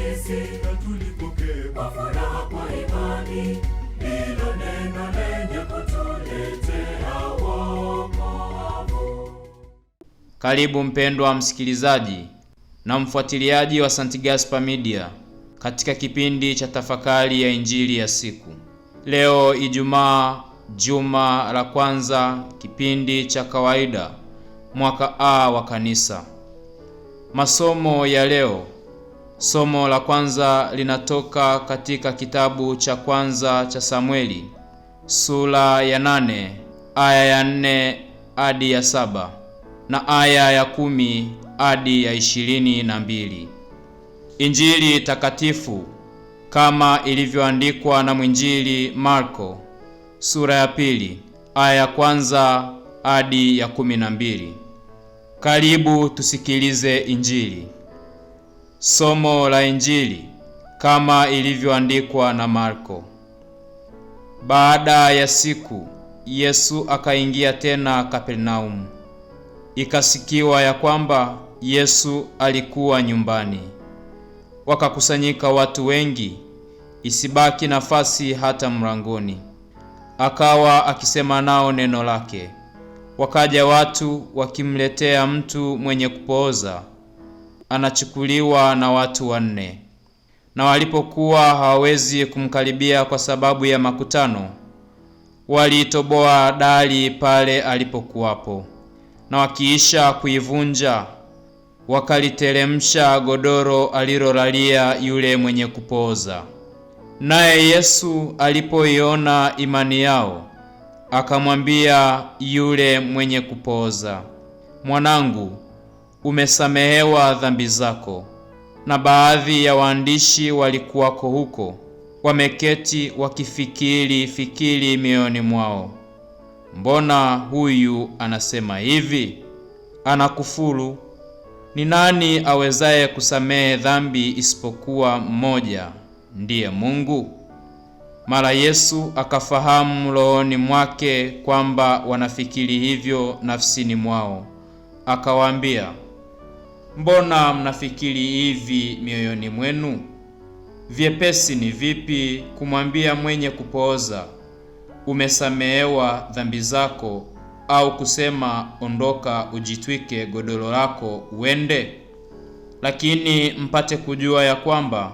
sisi na tulipokee kwa furaha kwa imani hilo neno lenye kutuletea wokovu. Karibu mpendwa msikilizaji na mfuatiliaji wa St. Gaspar Media katika kipindi cha tafakari ya injili ya siku leo, Ijumaa, juma la kwanza kipindi cha kawaida mwaka A wa Kanisa. Masomo ya leo Somo la kwanza linatoka katika kitabu cha kwanza cha samweli sura ya nane aya ya nne hadi ya saba na aya ya kumi hadi ya ishirini na mbili. Injili takatifu kama ilivyoandikwa na mwinjili Marko sura ya pili aya ya kwanza hadi ya kumi na mbili. Karibu tusikilize Injili. Somo la Injili kama ilivyoandikwa na Marko. Baada ya siku, Yesu akaingia tena Kapernaumu. Ikasikiwa ya kwamba Yesu alikuwa nyumbani. Wakakusanyika watu wengi, isibaki nafasi hata mlangoni. Akawa akisema nao neno lake. Wakaja watu wakimletea mtu mwenye kupooza anachukuliwa na watu wanne, na walipokuwa hawawezi kumkaribia kwa sababu ya makutano, waliitoboa dali pale alipokuwapo, na wakiisha kuivunja wakaliteremsha godoro alilolalia yule mwenye kupooza. Naye Yesu alipoiona imani yao, akamwambia yule mwenye kupooza, mwanangu umesamehewa dhambi zako. Na baadhi ya waandishi walikuwako huko, wameketi wakifikiri fikiri mioyoni mwao, mbona huyu anasema hivi? Anakufuru. Ni nani awezaye kusamehe dhambi isipokuwa mmoja, ndiye Mungu? Mara Yesu akafahamu rohoni mwake kwamba wanafikiri hivyo nafsini mwao, akawaambia, Mbona mnafikiri hivi mioyoni mwenu? Vyepesi ni vipi kumwambia mwenye kupooza umesamehewa dhambi zako, au kusema ondoka, ujitwike godoro lako uende? Lakini mpate kujua ya kwamba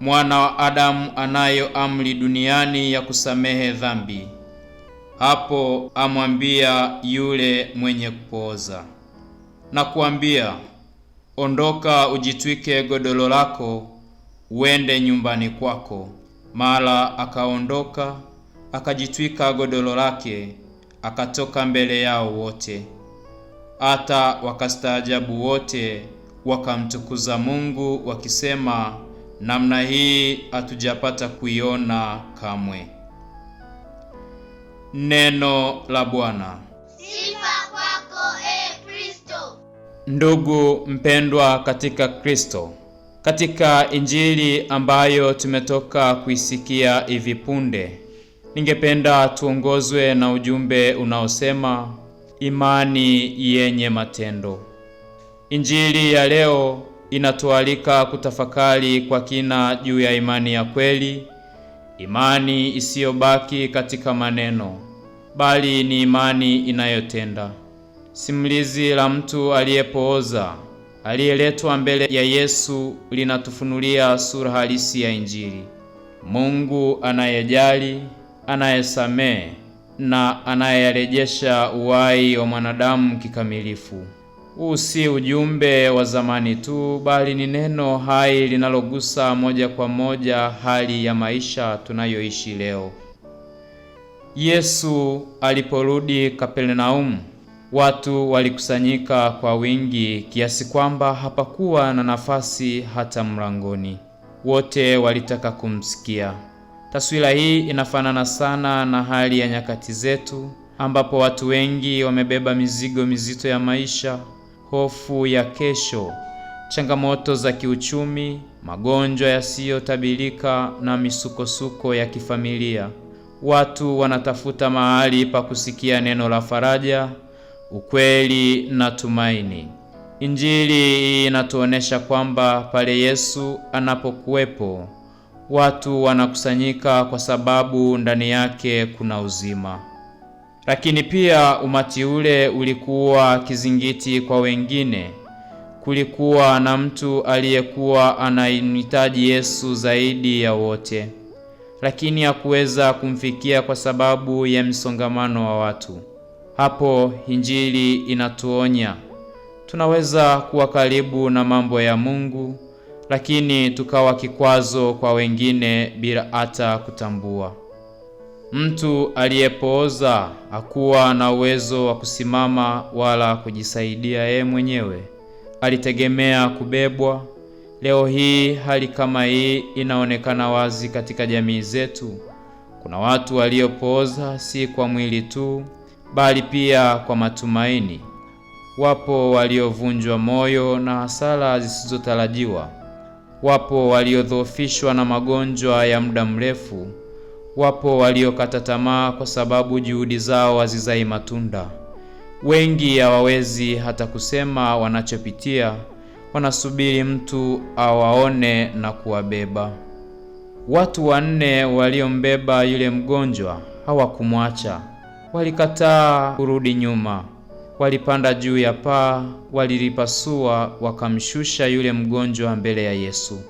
mwana wa Adamu anayo amri duniani ya kusamehe dhambi. Hapo amwambia yule mwenye kupooza, nakuambia Ondoka ujitwike godolo lako uende nyumbani kwako. Mara akaondoka akajitwika godolo lake akatoka mbele yao wote. Hata wakastaajabu wote, wakamtukuza Mungu wakisema, namna hii hatujapata kuiona kamwe. Neno la Bwana. Sifa Ndugu mpendwa katika Kristo, katika injili ambayo tumetoka kuisikia hivi punde, ningependa tuongozwe na ujumbe unaosema imani yenye matendo. Injili ya leo inatualika kutafakari kwa kina juu ya imani ya kweli, imani isiyobaki katika maneno, bali ni imani inayotenda. Simulizi la mtu aliyepooza aliyeletwa mbele ya Yesu linatufunulia sura halisi ya Injili. Mungu anayejali, anayesamehe na anayerejesha uhai wa mwanadamu kikamilifu. Huu si ujumbe wa zamani tu, bali ni neno hai linalogusa moja kwa moja hali ya maisha tunayoishi leo. Yesu aliporudi Kapernaumu Watu walikusanyika kwa wingi kiasi kwamba hapakuwa na nafasi hata mlangoni. Wote walitaka kumsikia. Taswira hii inafanana sana na hali ya nyakati zetu ambapo watu wengi wamebeba mizigo mizito ya maisha, hofu ya kesho, changamoto za kiuchumi, magonjwa yasiyotabilika na misukosuko ya kifamilia. Watu wanatafuta mahali pa kusikia neno la faraja ukweli na tumaini. Injili inatuonesha kwamba pale Yesu anapokuwepo watu wanakusanyika kwa sababu ndani yake kuna uzima. Lakini pia umati ule ulikuwa kizingiti kwa wengine. Kulikuwa na mtu aliyekuwa anamhitaji Yesu zaidi ya wote, lakini hakuweza kumfikia kwa sababu ya msongamano wa watu. Hapo Injili inatuonya tunaweza kuwa karibu na mambo ya Mungu, lakini tukawa kikwazo kwa wengine bila hata kutambua. Mtu aliyepooza hakuwa na uwezo wa kusimama wala kujisaidia yeye mwenyewe, alitegemea kubebwa. Leo hii hali kama hii inaonekana wazi katika jamii zetu. Kuna watu waliopooza si kwa mwili tu bali pia kwa matumaini. Wapo waliovunjwa moyo na hasara zisizotarajiwa, wapo waliodhoofishwa na magonjwa ya muda mrefu, wapo waliokata tamaa kwa sababu juhudi zao hazizai matunda. Wengi hawawezi hata kusema wanachopitia, wanasubiri mtu awaone na kuwabeba. Watu wanne waliombeba yule mgonjwa hawakumwacha Walikataa kurudi nyuma, walipanda juu ya paa, walilipasua, wakamshusha yule mgonjwa mbele ya Yesu.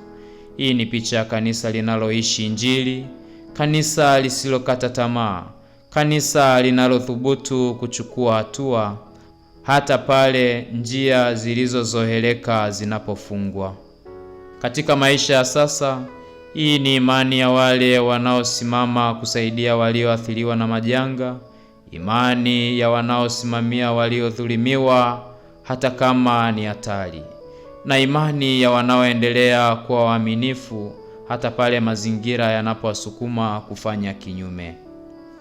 Hii ni picha ya kanisa linaloishi Injili, kanisa lisilokata tamaa, kanisa linalothubutu kuchukua hatua hata pale njia zilizozoheleka zinapofungwa. Katika maisha ya sasa, hii ni imani ya wale wanaosimama kusaidia walioathiriwa na majanga, imani ya wanaosimamia waliodhulumiwa, hata kama ni hatari, na imani ya wanaoendelea kuwa waaminifu hata pale mazingira yanapowasukuma kufanya kinyume.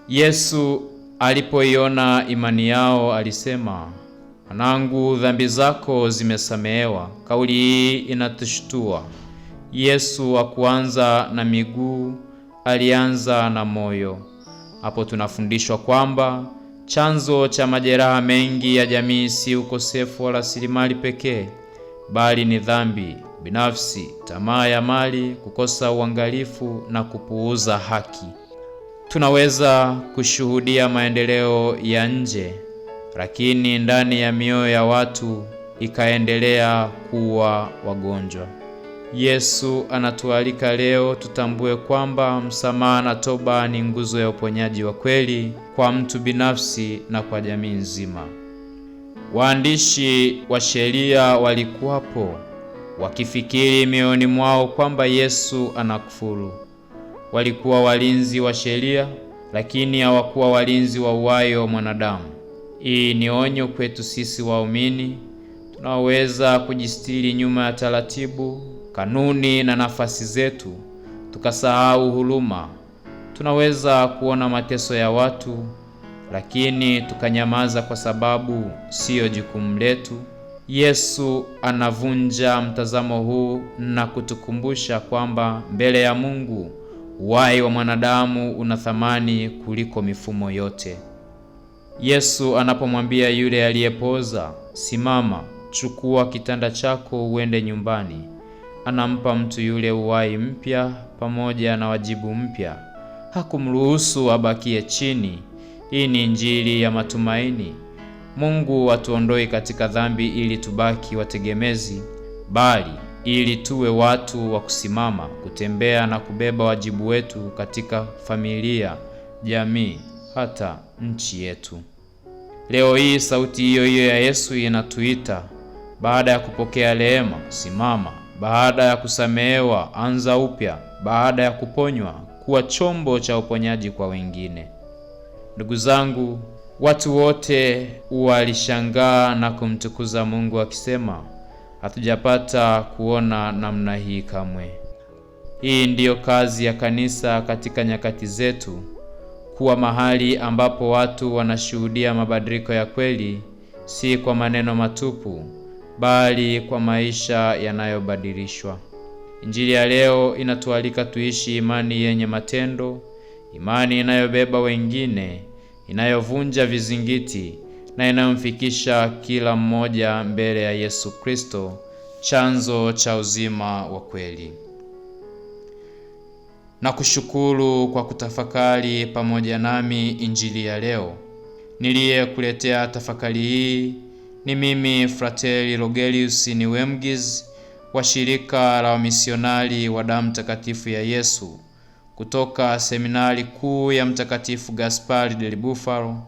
Yesu alipoiona imani yao alisema, mwanangu, dhambi zako zimesamehewa. Kauli hii inatushtua. Yesu hakuanza na miguu, alianza na moyo. Hapo tunafundishwa kwamba chanzo cha majeraha mengi ya jamii si ukosefu wa rasilimali pekee, bali ni dhambi binafsi, tamaa ya mali, kukosa uangalifu na kupuuza haki. Tunaweza kushuhudia maendeleo ya nje, lakini ndani ya mioyo ya watu ikaendelea kuwa wagonjwa. Yesu anatualika leo tutambue kwamba msamaha na toba ni nguzo ya uponyaji wa kweli kwa mtu binafsi na kwa jamii nzima. Waandishi wa sheria walikuwapo wakifikiri mioyoni mwao kwamba Yesu anakufuru. Walikuwa walinzi wa sheria, lakini hawakuwa walinzi wa uhai wa mwanadamu. Hii ni onyo kwetu sisi waumini tunaoweza kujistiri nyuma ya taratibu kanuni na nafasi zetu, tukasahau huruma. Tunaweza kuona mateso ya watu, lakini tukanyamaza kwa sababu siyo jukumu letu. Yesu anavunja mtazamo huu na kutukumbusha kwamba mbele ya Mungu uhai wa mwanadamu una thamani kuliko mifumo yote. Yesu anapomwambia yule aliyepoza, simama, chukua kitanda chako uende nyumbani, anampa mtu yule uhai mpya pamoja na wajibu mpya. Hakumruhusu abakie chini. Hii ni injili ya matumaini. Mungu atuondoi katika dhambi ili tubaki wategemezi, bali ili tuwe watu wa kusimama, kutembea na kubeba wajibu wetu katika familia, jamii, hata nchi yetu. Leo hii sauti hiyo hiyo ya Yesu inatuita, baada ya kupokea rehema, simama baada ya kusamehewa, anza upya baada ya kuponywa, kuwa chombo cha uponyaji kwa wengine. Ndugu zangu, watu wote walishangaa na kumtukuza Mungu akisema, hatujapata kuona namna hii kamwe. Hii ndiyo kazi ya kanisa katika nyakati zetu, kuwa mahali ambapo watu wanashuhudia mabadiliko ya kweli, si kwa maneno matupu bali kwa maisha yanayobadilishwa. Injili ya leo inatualika tuishi imani yenye matendo, imani inayobeba wengine, inayovunja vizingiti na inayomfikisha kila mmoja mbele ya Yesu Kristo, chanzo cha uzima wa kweli. Na kushukuru kwa kutafakari pamoja nami Injili ya leo. Niliyekuletea tafakari hii ni mimi Frateli Rogelius Niwemgis wa shirika la wamisionari wa damu takatifu ya Yesu kutoka seminari kuu ya Mtakatifu Gaspari del Bufalo,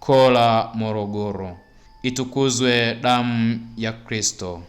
Kola, Morogoro. Itukuzwe damu ya Kristo!